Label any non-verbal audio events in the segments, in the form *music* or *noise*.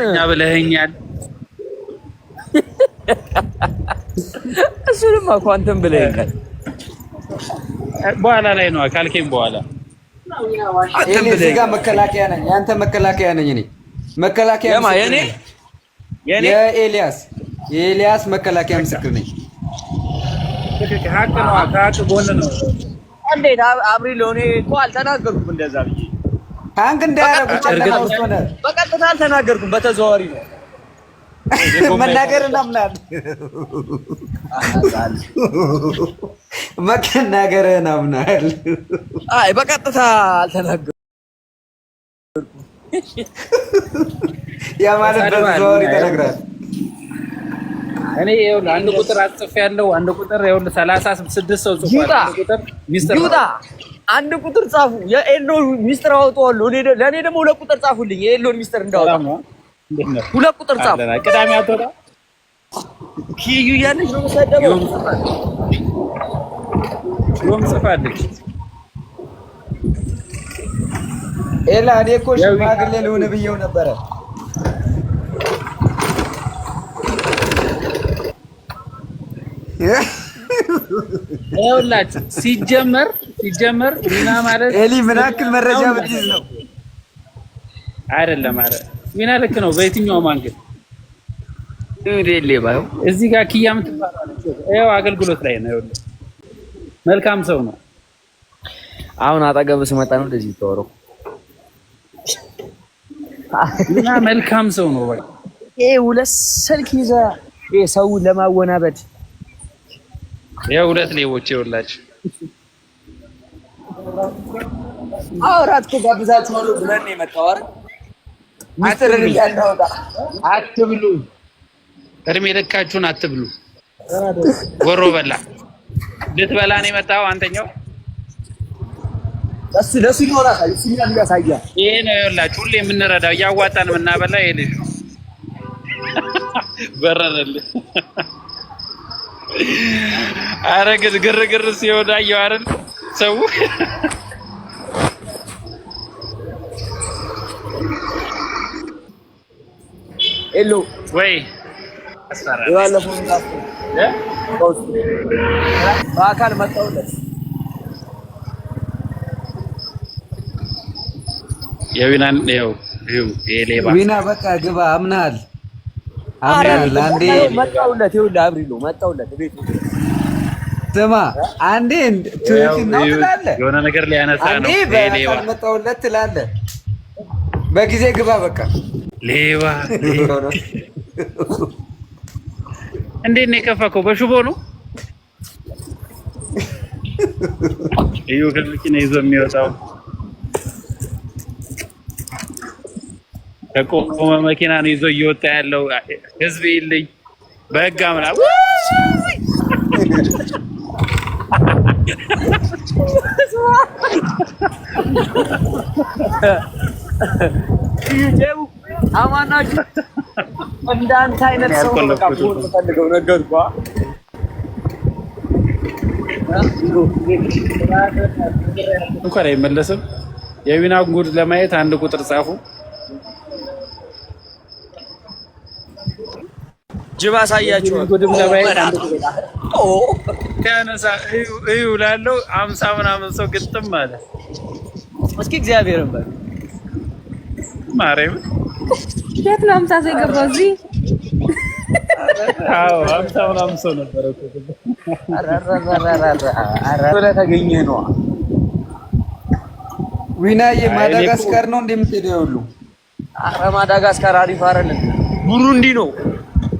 እኛ ብለኸኛል። እሱንም እኮ አንተም ብለኸኛል። በኋላ ላይ ነው ካልከኝ በኋላ መከላከያ ነኝ። የአንተ መከላከያ ነኝ እኔ መከላከያ የኤልያስ የኤልያስ መከላከያ ምስክር ነኝ። ሀቅ ነው። አብሪ ለሆኔ እኮ አልተናገርኩም እንደዛ ብዬ አንክ እንዳያረጉ ጨለማ ውስጥ ሆነ። በቀጥታ አልተናገርኩም፣ በተዘዋዋሪ ነው መናገር እናምናል መናገር እናምናል። አይ በቀጥታ አልተናገርኩም። ያ ማለት በተዘዋዋሪ ተነግራል። እኔ ይኸውልህ አንድ ቁጥር አጽፌያለሁ። አንድ ቁጥር ይኸውልህ ሰላሳ ስድስት ሰው ጽፏል። ቁጥር ሚስጥር አንድ ቁጥር ጻፉ። የኤሎን ሚስጥር አወጣዋለሁ። ለእኔ ደግሞ ሁለት ቁጥር ጻፉልኝ፣ የኤሎን ሚስጥር እንዳወጣ ሁለት ቁጥር ጻፉ። ቅዳሜ አትወጣ ኪዩ እያለች ነው የምትሰደበው። ዮም ጽፋለች። ኤላ እኔ እኮ ሽማግሌ ልሆን ብዬው ነበረ። ይኸውላችሁ ሲጀመር ሲጀመር ዊና ማለት ኤሊ ምን ያክል መረጃ ብትይዝ ነው? አይደለም። አረ ዊና ልክ ነው። ማንገድ እንዴ አንግል እዚህ ጋር ኪያ ምትባላለች። ይኸው አገልግሎት ላይ ነው። መልካም ሰው ነው። አሁን አጠገብ ስመጣ ነው እንደዚህ ተወረው ዊና መልካም ሰው ነው። በቃ ይሄ ሁለት ስልክ ይዛ ሰውን ለማወናበድ ያው ሁለት ሌቦች ይኸውላችሁ አውራት ከጋብዛችኋለሁ ብለን ነው የመጣው። አረ አጥር አትብሉ፣ እድሜ ልካችሁን አትብሉ። ጎሮ በላ ልትበላ ነው የመጣው አንተኛው። እሱ ለሱ ይኖራል። እሱ ያን ያሳያል። ይሄ ነው ይኸውላችሁ፣ ሁሌ የምንረዳው እያዋጣን የምናበላ ይሄ ልጅ *laughs* በረረልህ። *laughs* አረ ግርግር ሲሆን አየሁ አይደል ሰው ሄሎ ወይ ባለፈው በአካል መጣሁለት። የዊናን ዊና በቃ ግባ። አምናል አምናል አንዴ መጣሁለት። ይኸውልህ አብሪሎ መጣሁለት ቤቱ ስማ አንዴ ትናው ትላለህ፣ የሆነ ነገር ሊያነሳ ነው። መጣሁለት ትላለህ። በጊዜ ግባ። በቃ ሌባ እንዴት ነው የከፋከው? በሽቦ ነው እዩ ከመኪና ይዞ የሚወጣው ከቆመ መኪና ነው ይዞ እየወጣ ያለው። ህዝብ ይልኝ በህግ አምና አማናችሁ እንዳንተ አይነት ሰው ነገር እንኳን አይመለስም። የዊና ጉድ ለማየት አንድ ቁጥር ጻፉ። ጅብ አሳያችኋል። ያነሳ እዩ ላለው አምሳ ምናምን ሰው ግጥም አለ። እስኪ እግዚአብሔርን በል ማርያምን የት ነው አምሳ ሰው የገባው? እዚህ አምሳ ምናምን ሰው ነበረ። ተገኘ ነዋ ዊናዬ ማዳጋስካር ነው እንደምትሄደው ሁሉ። ኧረ ማዳጋስካር አሪፍ አይደለም፣ ቡሩንዲ ነው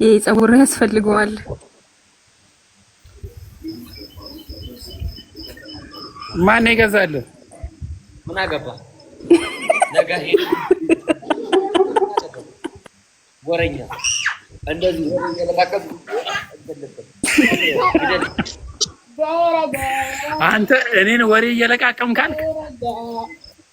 ይህ ጸጉር ያስፈልገዋል። ማን ይገዛል? ምን አገባ? ነገ ወረኛ እንደዚህ አንተ እኔን ወሬ እየለቃቀም ካልክ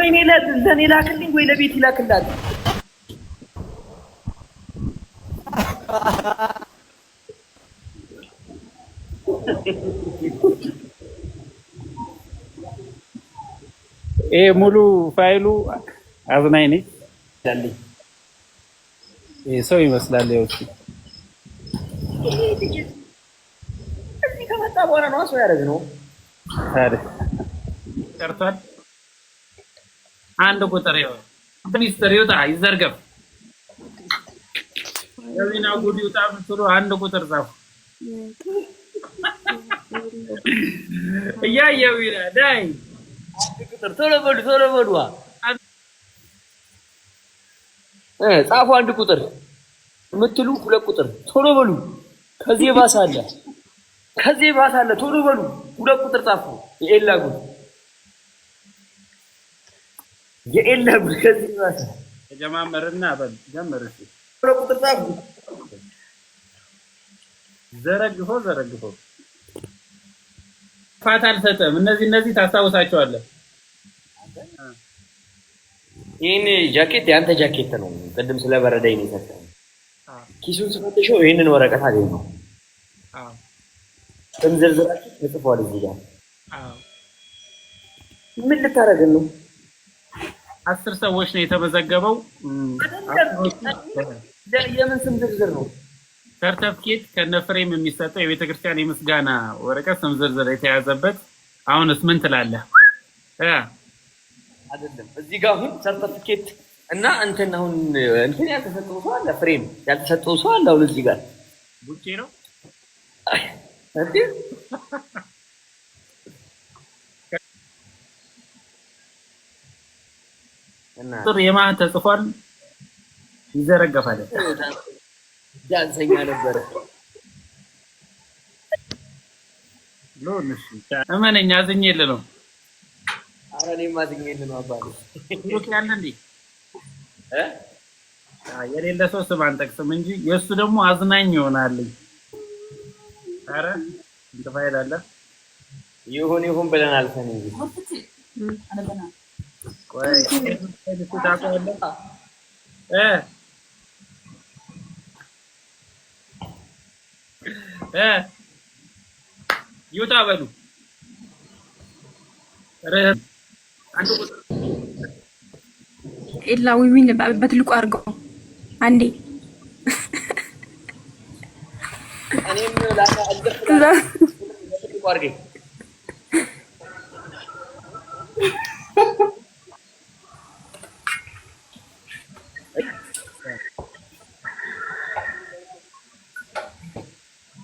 ወይ ለኔ ላክልኝ ወይ ለቤት ይላክላል። ይሄ ሙሉ ፋይሉ አዝናኝ ነኝ ሰው ይመስላል። ያውጭ ከመጣ በኋላ ነው ሰው ያደረግነው። ታዲያ ቀርቷል። አንድ ቁጥር ይኸው ሚስጥር ይውጣ ይዘርገብ ከዚህና ጉድ ይውጣ ምትሉ አንድ ቁጥር ጻፉ። እያየው ይላል። ዳይ ቶሎ በሉ ቶሎ በሉ እ ጻፉ አንድ ቁጥር ምትሉ ሁለት ቁጥር ቶሎ በሉ። ከዚህ ባሳለ ከዚህ ባሳለ ቶሎ በሉ ሁለት ቁጥር ጻፉ። የኤላ ጉድ የለም ከዚህ ተጀማመርና በል ዘረግፎ ዘረግፎ ፋታ አልሰጠም። እነዚህ እነዚህ ታስታውሳቸዋለህ። ይህን ጃኬት የአንተ ጃኬት ነው። ቅድም ስለበረደኝ ነው ኪሱን ስፈትሸው ይህንን ወረቀት አገኘው። ስም ዝርዝራችሁ ተጽፏል እዚህ ጋር። ምን ልታደርገን ነው? አስር ሰዎች ነው የተመዘገበው። የምን ስም ዝርዝር ነው? ሰርተፍኬት ከነፍሬም የሚሰጠው የቤተክርስቲያን የምስጋና ወረቀት ስም ዝርዝር የተያዘበት። አሁንስ ምን ትላለህ? አይደለም እዚህ ጋር አሁን ሰርተፍኬት እና እንትን አሁን እንትን ያልተሰጠው ሰው አለ፣ ፍሬም ያልተሰጠው ሰው አለ። አሁን እዚህ ጋር ቡቼ ነው ጥሪ የማህ ተጽፏል ይዘረገፋል። ዳንሰኛ ነበረ። እመነኛ አዝኜ ነው። ኧረ እኔም አዝኜ ነው። አባቴ ያለ እንዴ የሌለ ሰው ስም አንጠቅስም እንጂ የእሱ ደግሞ አዝናኝ ይሆናልኝ። ኧረ እንትን ፋይል አለ ይሁን ይሁን ብለን አልፈን እንጂ ይውጣ በሉ ኤላ ዊዊን በትልቁ አድርገው አንዴ እኔም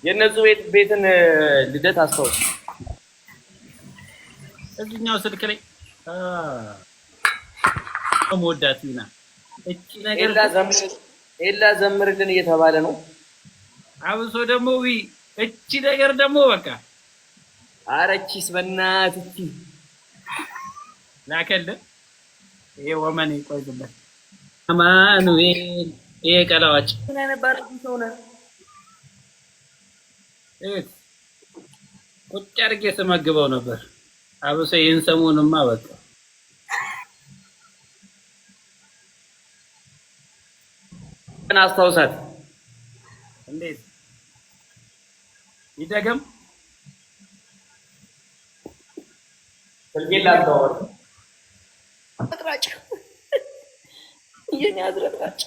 የእነሱ ቤት ቤትን ልደት አስታውስ። እዚህኛው ስልክ ላይ መወዳት ና እቺ ነገር ኤላ ዘምርልን እየተባለ ነው። አብሶ ደግሞ ዊ እቺ ነገር ደግሞ በቃ አረቺስ በናት እቺ ላከልን። ይሄ ወመን ይቆይበት አማኑኤል ይሄ ቀላዋጭ ምን አይነት ባረጉ ሰው ነህ እት ቁጭ አድርጌ ስመግበው ነበር። አብሶ ይህን ሰሞንማ በቃ ቀን አስታውሳት። እንዴት ይደገም ስልጌላ አስተዋወቅ አጥራጭ የኔ አዝረጥራጭ